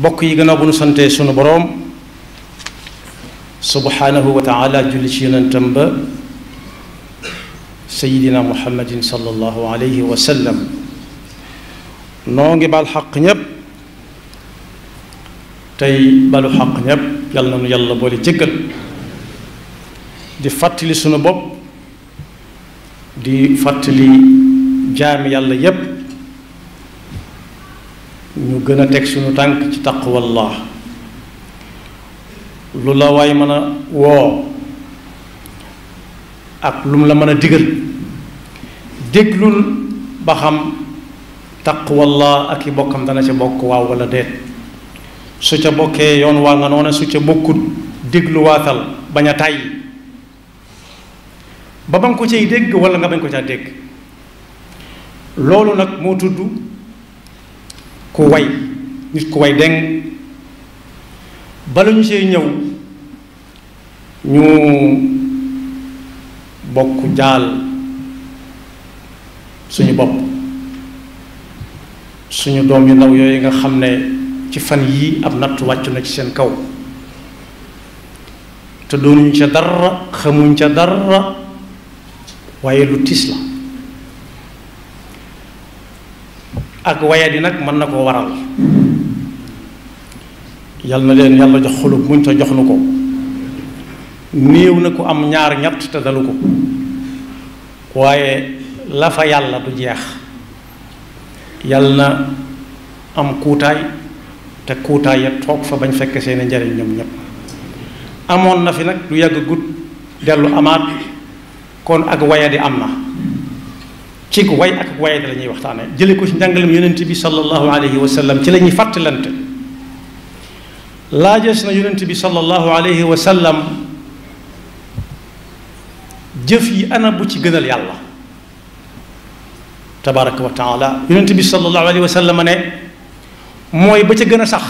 bokk yi gannaaw bu nu santee sunu boroom subhaanahu wa taala julli ci yonentam ba sayidina muhammadin sallallahu alayhi wa sallam noo ngi baal xaq ñépp tey balu xaq ñépp yàlla na nu yàlla boole jëggal di fàttali sunu bopp di fàttali jaami yàlla yépp ñu gën a teg suñu tànk ci taqwallah lu la waay mën a woo ak lu mu la mën a digal déglul ba xam taqwallah ak i bokkam dana ca bokk waaw wala déet su ca bokkee yoon waa nga noona su ca bokkut dégluwaatal bañ a tàyyi ba ba nga ko cay dégg walla nga bañ ko caa dégg loolu nag moo tudd ku way nit ku way deng bala ñu see ñëw ñu bokk jaal suñu bopp suñu doom yu ndaw yooyu nga xam ne ci fan yii ab natt wàccu na ci seen kaw te doonuñ ca dara xamuñ ca dara waaye lu tiis la ak wayadi nag mën na koo waral yal na leen yàlla jox xolub muñ te jox nu ko néew na ko am ñaar ñett te dalu ko waaye la fa yàlla du jeex yal na am kuutaay te kuutaay ya toog fa bañ fekk seeni njariñ ñoom ñépp amoon na fi nag du yàgg gut dellu amaat kon ak wayadi am na ci ko way ak way da lañuy waxtane jële ko ci njàngalem yonent bi sallallahu alayhi wa sallam ci lañuy ñuy fàttalante na yonent bi sallallahu alayhi wa sallam jëf yi ana bu ci gënal yàlla tabarak wa taala yonent bi sallallahu alayhi wa sallam ne moy ba ci gëna sax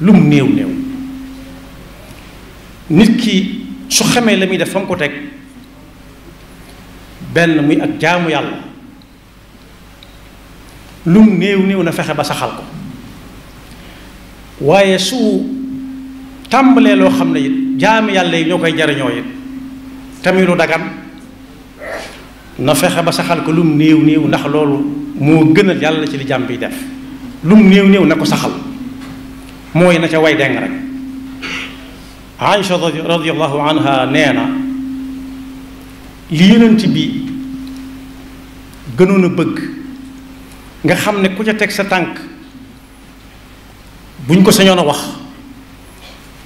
lu mu néew néew nit ki su xamé lamuy def fam ko tek benn muy ak jaamu yàlla lum néew néew na fexe ba saxal ko waaye su tàmbalee loo xam ne it jaami yàlla yi ñoo koy jariñoo it tamit lu dagan na fexe ba saxal ko lum néew néew ndax loolu moo gënal yàlla ci li jaam bi def lum néew néew na ko saxal mooy na ca way deng rek Aïcha radiyallahu anha nee na li yonent bi gënoon a bëgg nga xam ne ku ca teg sa tànk buñ ko sañoon a wax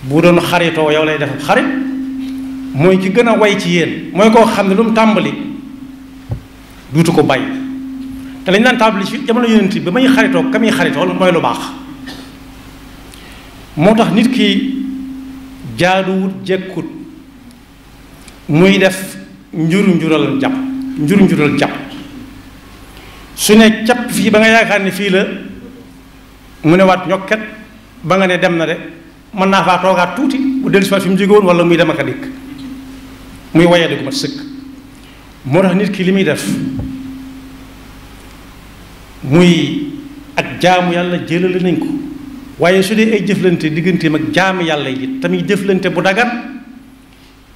bu doon xaritoo yow lay def xarit mooy ki gën a way ci yéen mooy koo xam ne lu mu tàmbali duutu ko bay te lañ daan tàmbali ci jamono yonent bi may xaritoo ka xaritoo xaritool mooy lu baax moo tax nit ki jaaduwut jekkut muy def njur njuralal jàpp njuru njural jàpp su ne capp fii ba nga yaakaar ne fii la mu ne waat ñokket ba nga ne dem na de mën naa faa toogaat tuuti bu si fi mu jógoon wala muy dem ak a muy waye di ko mat sëkk moo tax nit ki li muy def muy ak jaamu yàlla jëlale nañ ko waaye su dee ay jëflante digganteem ak jaamu yàlla yi tamit jëflante bu dagan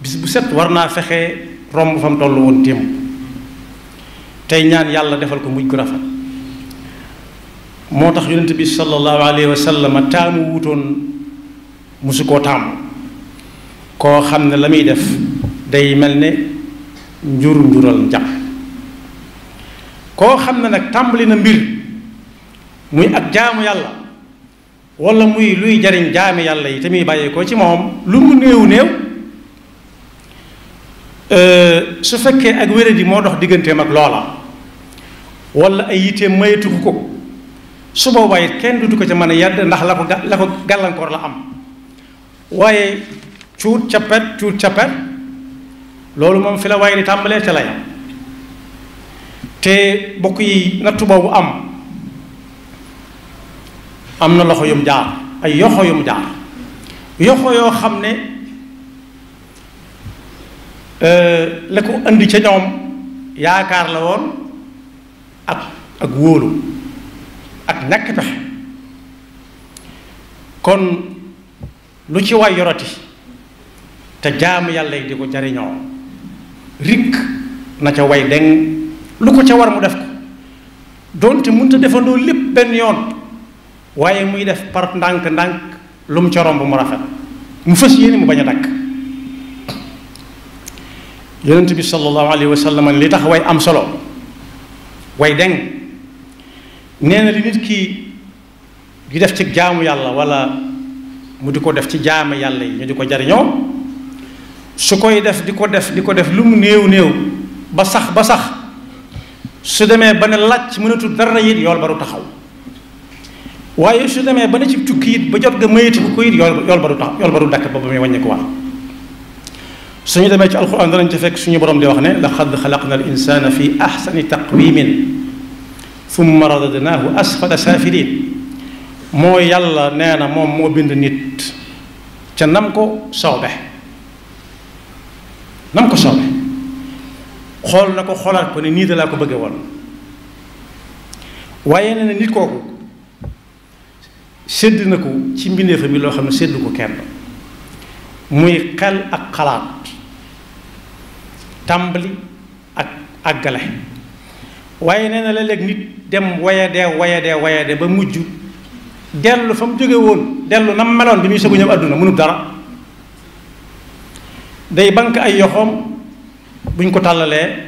bis bu set war naa fexe romb fa mu toll woon témb tey ñaan yàlla defal ko mujj gu rafet moo tax yonent bi sallallahu alayhi wa sallam taamu wutoon musu koo taamu koo xam ne la muy def day mel ne njur njural njàpp koo xam ne nag tàmbali na mbir muy ak jaamu yàlla wala muy luy jariñ jaami yàlla yi te muy bàyyi ko ci moom lu mu néew néew Euh, su fekkee ak wéradi moo dox digganteem ak loola wala ay yitee mayatu ko su boobaa kenn dutu ko ca mën a yàdd ndax la ko la ko la am waaye cuut cappet cuut cappet loolu moom fi la waaye di tàmbalee te la yam te bokk yi nattu boobu am am na loxo yum jaar ay yoxo yum jaar yoxo yoo xam ne Euh, la ko andi ca ñoom yaakaar la woon ak ak wóolu ak ñàkk pexe kon lu ci way yoroti te jaamu yàlla yi di ko jariñoo rikk na ca way deng lu ko ca war mu def ko doonte mënta defandoo lépp benn yoon waaye muy def par ndànk-ndànk lu mu ca romb mu rafet mu fës yéene mu bañ a dakk yonent bi sallallahu alayhi wa sallam li tax way am solo way deng neena li nit ki gi def ci jaamu yàlla wala mu diko def ci jaame yàlla ñu diko jarino su koy def diko def diko def lu mu néew néew ba sax ba sax su deme ba ne làcc mënatul dara yit yol baru taxaw waye su deme ba ne ci tukki it ba jot ga mayati ko yit yol baru taxaw yol baru dak ba bamay wagne ko wax suñu demee ci alquran danañ ci fekk suñu borom di wax ne laqad xalaqna al insana fi ahsani taqwimin summa radadnahu asfala safilin moo yàlla nee na moom moo bind nit ca nam ko soobe nam ko soobe xool na ko xoolaat ko ne nii da laa ko bëgge woon waaye nee na nit kooku sédd na ko ci mbindeefam yi loo xam ne sédd ko kenn muy xel ak xalaat tàmbali ak àggale waaye nee na léeg-léeg nit dem wayadee wayadee wayadee ba mujj dellu fa mu jóge woon dellu na meloon bi muy soog ñëw àdduna mënut dara day bank ay yoxoom buñ ko tàllalee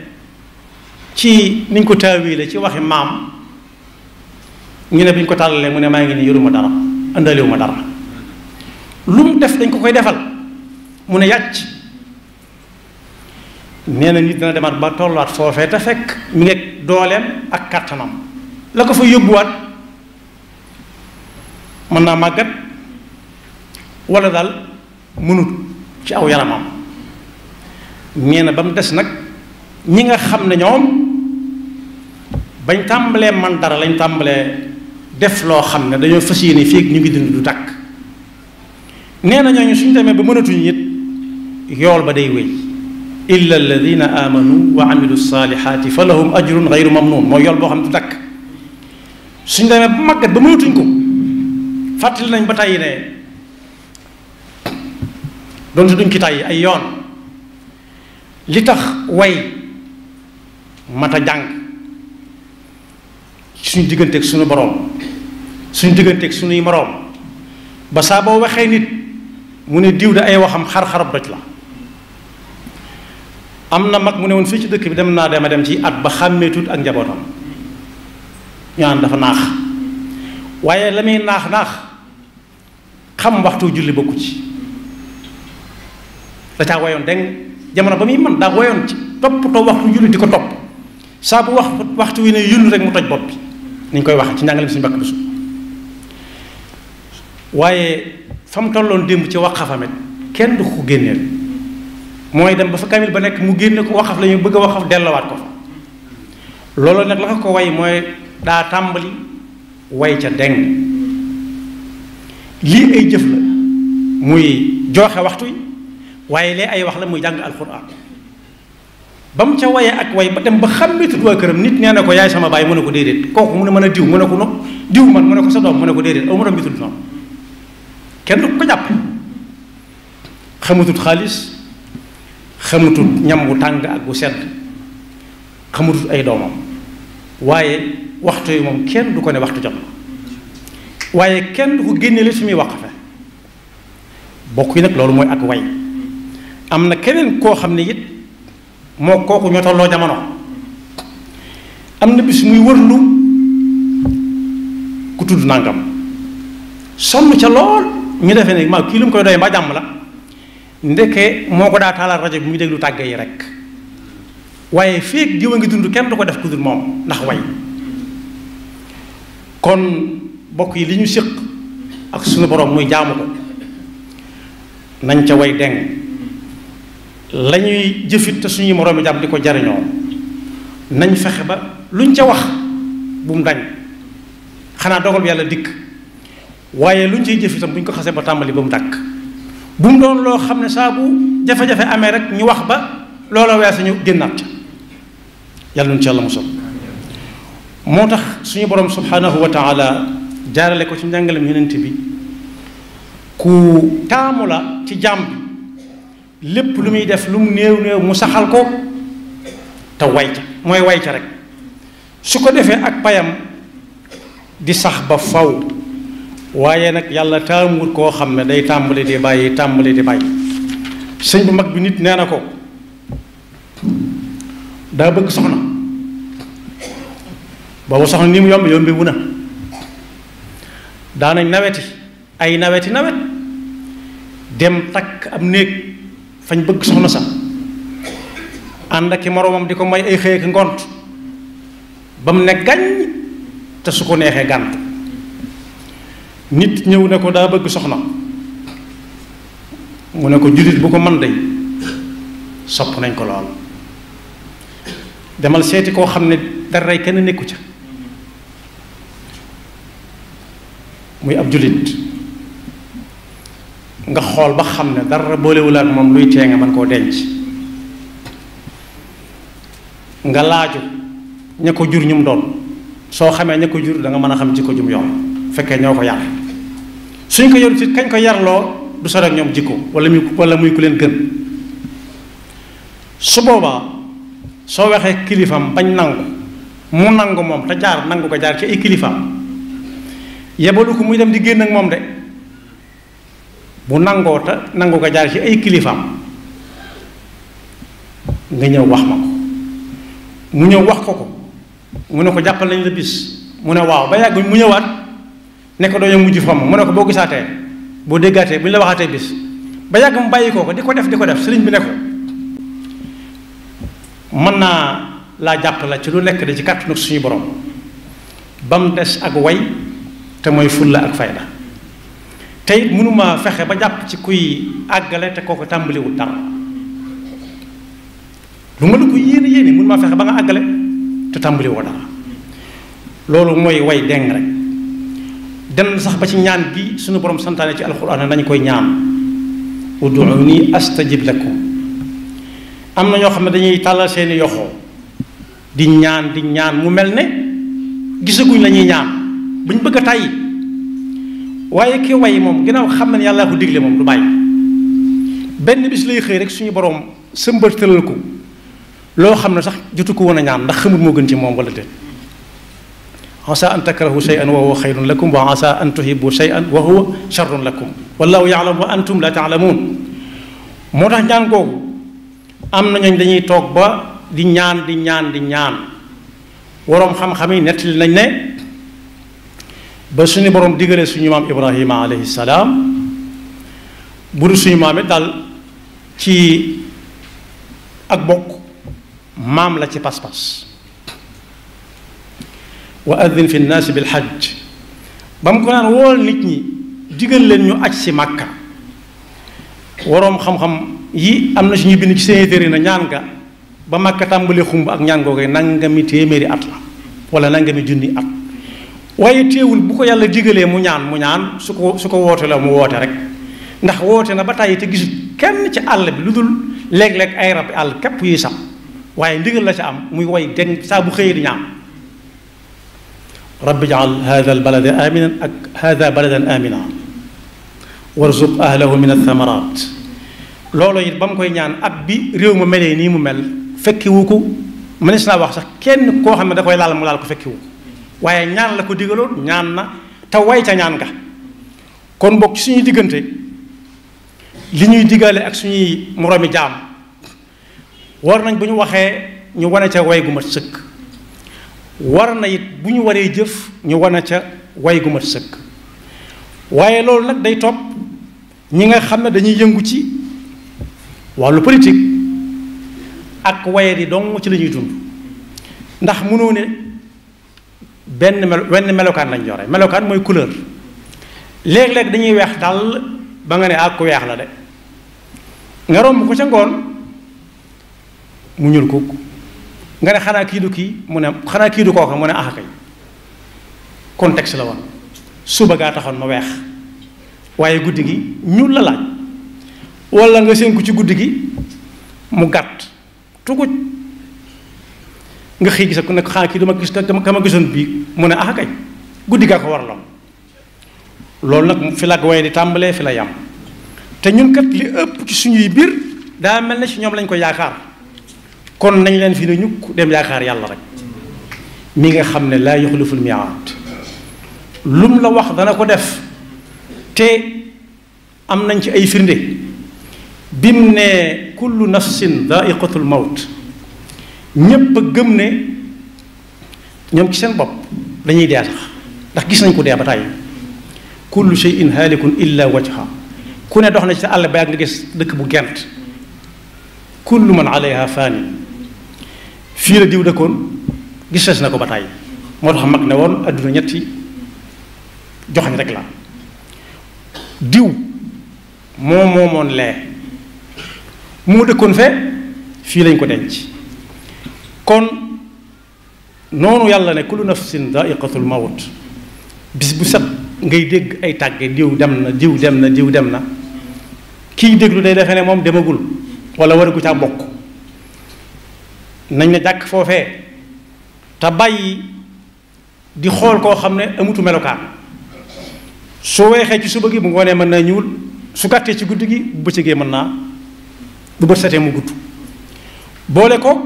ci niñ ko taawile ci waxi maam ñu ne buñ ko tàllalee mu ne maa ngi nii yoruma dara àndaliwuma dara lu mu def dañ ko koy defal mu ne yàcc nee na nit dina demaat ba tolluwaat foofee te fekk mu ngi dooleem ak kàttanam la ko fa yóbbuwaat mën naa màggat wala daal mënut ci aw yaramam nee na ba mu des nag ñi nga xam ne ñoom bañ tàmbalee man dara lañ tàmbalee def loo xam ne dañoo fas yéene fii ñu ngi dund du takk nee na ñooñu suñ demee ba mënatuñu it yool ba day wéy إلا الذين آمنوا وعملوا الصالحات فلهم أجر غير ممنون ما يلبو خمت دك سنجد ما مكت بموتنكم فاتلنا نبتاين دون تدون كتاي أيون لتخ وي متى جانك suñ digënté ak suñu borom suñ digënté ak suñu morom ba sa bo waxé nit mu né diiw da ay waxam am mak mu ne fi ci dëkk bi dem naa dema dem ci at ba xàmmeetut ak njabootam ñaan dafa naax waaye la muy naax naax xam waxtu julli bokku ci da caa woyoon deng jamono ba muy man daa woyoon ci to waxtu julli di ko topp saa bu wax waxtu wi ne yullu rek mu toj bopp bi koy wax ci njàngale suñu bisu waaye fam tolloon ci waqafam it kenn du ko génneel mooy dem ba fa kamil ba nekk mu génn ko waxaf la ñu bëgg a waxaf dellowaat ko loolu nag la ko way mooy daa tàmbali way ca deng lii ay jëf la muy joxe waxtu yi waaye lee ay wax la muy jàng alquran ba mu ca waye ak way ba dem ba xàmmeetut waa këram nit nee na ko yaay sama baay mu ne ko déedéet kooku mu ne mën a diw mu ne ko no diw man mu ne ko sa doom mu ne ko déedéet aw mënam bi tudd noonu kenn du ko jàppe xamatut xaalis xamatut ñam wu tàng ak wu sedd xamatut ay doomam waaye waxtu yi moom kenn du ko ne waxtu jot waaye kenn du ko génneel su muy waqafe bokk yi nag loolu mooy ak way am na keneen koo xam ne it moo kooku ñoo tolloo jamono am na bis muy wërlu ku tudd nàngam sonn ca lool ñu defee ne maa kii lu mu koy doy mbaa jàmm la ndeke moo ko daa taalal rajo bi muy déglu tàggee yi rek waaye fii feeg a ngi dund kenn du ko def ku dul moom ndax way kon bokk yi li ñu séq ak suñu borom muy jaamu ko ca way deng la ñuy jëfit te suñuy jàmm di ko jariñoo nañ fexe ba luñ ca wax bu mu dañ xanaa dogal bi yàlla dikk waaye luñ ciy jëfitam bu ñu ko xasee ba tàmbali ba mu dàkk bu mu doon loo xam ne saa bu jafe-jafe amee rek ñu wax ba loola weesu ñu génnaat ca yàlla nu ci yàlla musal moo tax suñu borom subhanahu wa taala jaarale ko ci njàngalem yonent bi ku taamu la ci jàmm lépp lu muy def lu mu néew néew mu saxal ko te way ca mooy way ca rek su ko defee ak payam di sax ba faw waaye nag yàlla taamuwut koo xam ne day tàmbali di bàyyi tàmbali di bàyyi sëñ bu mag bi nit nee na ko daa bëgg soxna boobu soxna ni mu yomb yombi wu na daanañ naweti ay naweti nawet dem takk am néeg fañ bëgg soxna sax ànd ak i moroomam di ko may ay xëy ak ngont ba mu ne gàññ te su ko neexee gànt nit ñew ne ko da bëgg soxna mu ne ko jullit bu ko man day sopp nañ ko lool demal seeti koo xam ne daray kenn nekku ca muy ab julit nga xool ba xam ne dara boolewul ak moom luy tee man koo denc nga laaju ña ko jur ñum doon soo xamee ña ko jur da nga mën a xam ci ko jum yoon fekkee ñoo ko yàq suñ ko yor ci kañ ko yarloo du sore ak ñoom jikko wala muy wala muy ku leen gën su boobaa soo waxee kilifam bañ nangu mu nangu moom te jaar nangu ko jaar ci ay kilifam yebalu muy dem di génn moom de bu nangoo te jaar ci ay kilifam nga ñëw wax ma ko mu ñëw wax ko ko mu ne ko jàppal nañ la bis mu ne waaw ba yàgg mu ñëwaat. Nekodo yang dañoo mana fam mu ne ko boo gisaatee boo déggaatee bu la waxaatee bis ba yag mu bàyyi koo ko di def diko def sëriñ bi ne ko na la japp la ci lu nek da ci nu suñu borom bam dess ak way te moy fulla ak fayda mënuma ba japp ci kuy te tambali wu lu mënu ko yéne yéne mënuma fexé ba nga àggale te wu dara lolu moy way deng rek dem sax ba ci ñaan gi suñu borom santaane ci alquran nañ koy ñaan ud'uni astajib lakum amna ño xamne dañuy talal seen yoxo di ñaan di ñaan mu melne, gisaguñ lañuy ñaan buñ bëgg tay waye ki way mom ginaaw xam na ne ko diglé mom du bay benn bis lay xey rek suñu borom sëmbatalal ko lo xamne sax jottu ko wona ñaan ndax xamul mo gën ci mom wala عسى أن تكرهوا شيئا وهو خير لكم وعسى أن تحبوا شيئا وهو شر لكم والله يعلم وأنتم لا تعلمون موتاخ نان كو ام نان ني دانيي توك با دي نيان دي نيان دي نيان وروم خام خامي نيتل نان ني با سوني بروم ديغري سوني مام ابراهيم عليه السلام بودو سوني مام دال تي اك بوك مام لا تي باس باس wa addin fi naasi bil xaj ba mu ko naan wool nit ñi digal leen ñu aj si màkka waroom xam-xam yi am na si ñu bind ci seen téere na ñaan nga ba màkka tàmbalee xumb ak ñaan googee nangami téeméeri at la wala nangami junni at waaye teewul bu ko yàlla digalee mu ñaan mu ñaan su ko su ko woote la mu woote rek ndax woote na ba tàyyi te gisul kenn ci àll bi lu dul léeg-léeg ay rab àll képp yuy sax waaye ndigal la ci am muy woy den saa bu xëyee di ñaan رب اجعل هذا البلد آمنا أك... هذا بلدا آمنا وارزق أهله من الثمرات لولو يربم كوي نيان أبي ريو ملي ني ممل فكي ووكو منيس لا واخ كين كو خامن داكوي لال مولال كو فكي ووكو واي نيان لاكو ديغلو نيان نا تا واي تا نيان غا كون بوك سيني ديغنتي لي نيو ديغالي اك سيني مرامي جام ورنا بونو واخه ني واني واي غوما سك war na it bu ñu waree jëf ñu wana ca way gu mat sëkk waaye loolu nag day topp ñi nga xam ne dañuy yëngu ci wàllu politique ak waye di dong ci lañuy dund ndax mënoo ne benn mel wenn melokaan lañ yore melokaan mooy couleur léeg-léeg dañuy weex dàll ba nga ne ak ah, ku weex la de nga romb ko ca ngoon mu ñuul kooku nga ne xanaa kii du kii mu ne xanaa kii du kooka mu ne ah kay contexte la woon suba gaa taxoon ma weex waaye guddi gi la laaj wala nga sénku ci guddi gi mu gàtt tuguj nga xëy gis ku ne xanaa kii ma gis dama gisoon bii mu ne ah kay ko loolu nag fi la di tàmbalee fi la yam te ñun kat li ëpp ci suñuy biir daa mel ne si lañ ko yaakaar kon nañ leen fi ne ñukk dem yaakaar yàlla rek mi nga xam ne laa yuxliful miaad lum la wax dana ko def te am nañ ci ay firnde bim ne kullu nafsin daiqatul maut ñépp gëm ne ñoom ci seen bopp dañuy dee tax ndax gis nañ ko dee ba tàyyi kullu shay'in halikun illa wajha ku ne dox na ci àll ba nga gis dëkk bu gent kullu man alayha faanin fii la diw dëkkoon gis fees na ko ba tàyyi moo tax mag ne woon adduna ñetti joxañ rek la diw moo moomoon lee moo dëkkoon fe fii lañ ko denc kon noonu yàlla ne kullu nafsin daiqatul mawt bis bu set ngay dégg ay tàgge diw dem na diw dem na diw dem na kiy déglu day defe ne moom demagul wala waragu caa bokk nañ la jàkk foofee te bàyyi di xool koo xam ne amutu melokaan su weexee ci suba gi bu ngoonee mën naa ñuul su gàttee ci guddi gi bu bëccëgee mën naa bu bët mu gudd boole ko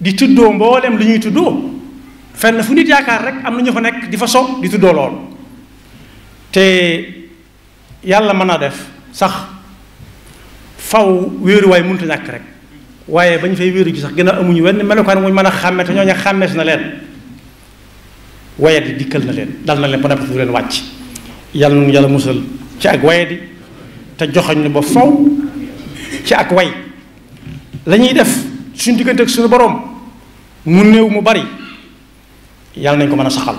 di tuddoo mboolem li ñuy tuddoo fenn fu nit yaakaar rek am na ñu fa nekk di fa so di tuddoo lool te yàlla mën naa def sax faw wéeruwaay munta ñàkk rek waye bañ fay wëru ci sax gëna amuñu wenn melokan muñ mëna xamé xàmme te ñooñu xàmmees na leen waye di dikkel na leen dal na leen ba dafa fu leen wàcc yàlla nu yàlla mussal ci ak waye di te joxoñ nu ba faw ci ak way lañuy def suñu diggante ak suñu borom mu néew mu bari yàlla nañ ko mëna saxal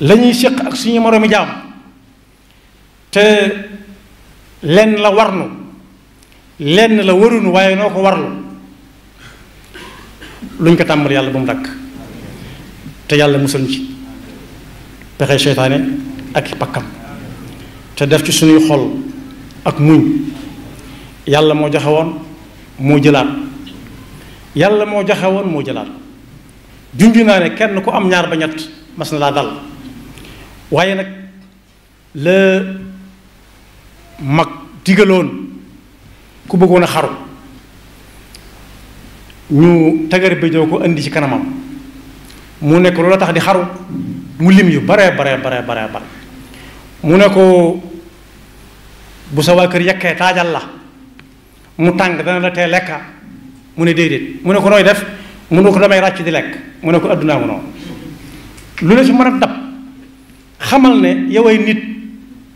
lañuy xeq ak suñu moroomi jaam te len la warnu lenn la waruñu waaye noo ko warlu luñ ko tàmbal yàlla ba mu dakk te yàlla musal ci pexe seytaane ak pakkam te def ci suñuy xol ak muñ yàlla moo joxe woon moo jëlaat yàlla moo joxe woon moo jëlaat junju naa ne kenn ku am ñaar ba ñett mas na laa dal waaye nag la mag digaloon ku bëggoon a xaru ñu tagar béjoo ko indi ci kanamam mu nekk loola tax di xaru mu lim yu bare bare bare bare bare mu ne ko bu sa waa kër yekkee taajal la mu tàng dana la tee lekka mu ne déedéet mu ne ko nooy def mu ne ko damay ràcc di lekk mu ne ko addunaa mu noonu lu la fi mën a dab xamal ne yow ay nit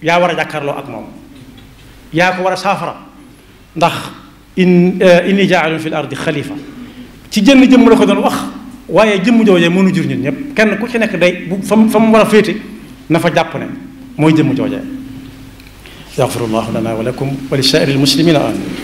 yaa war a jàkkaarloo ak moom yaa ko war a saafara ndax in inni jaalun fi ardi khalifa ci jënn jëm la ko doon wax waaye jëmm joojee mënu jur ñun ñëpp kenn ku ci nekk day bu fa fa mu war a féete na fa jàpp ne mooy jëm joojee yaxfirullahu lana wa lakum wa li saa'iri muslimina amin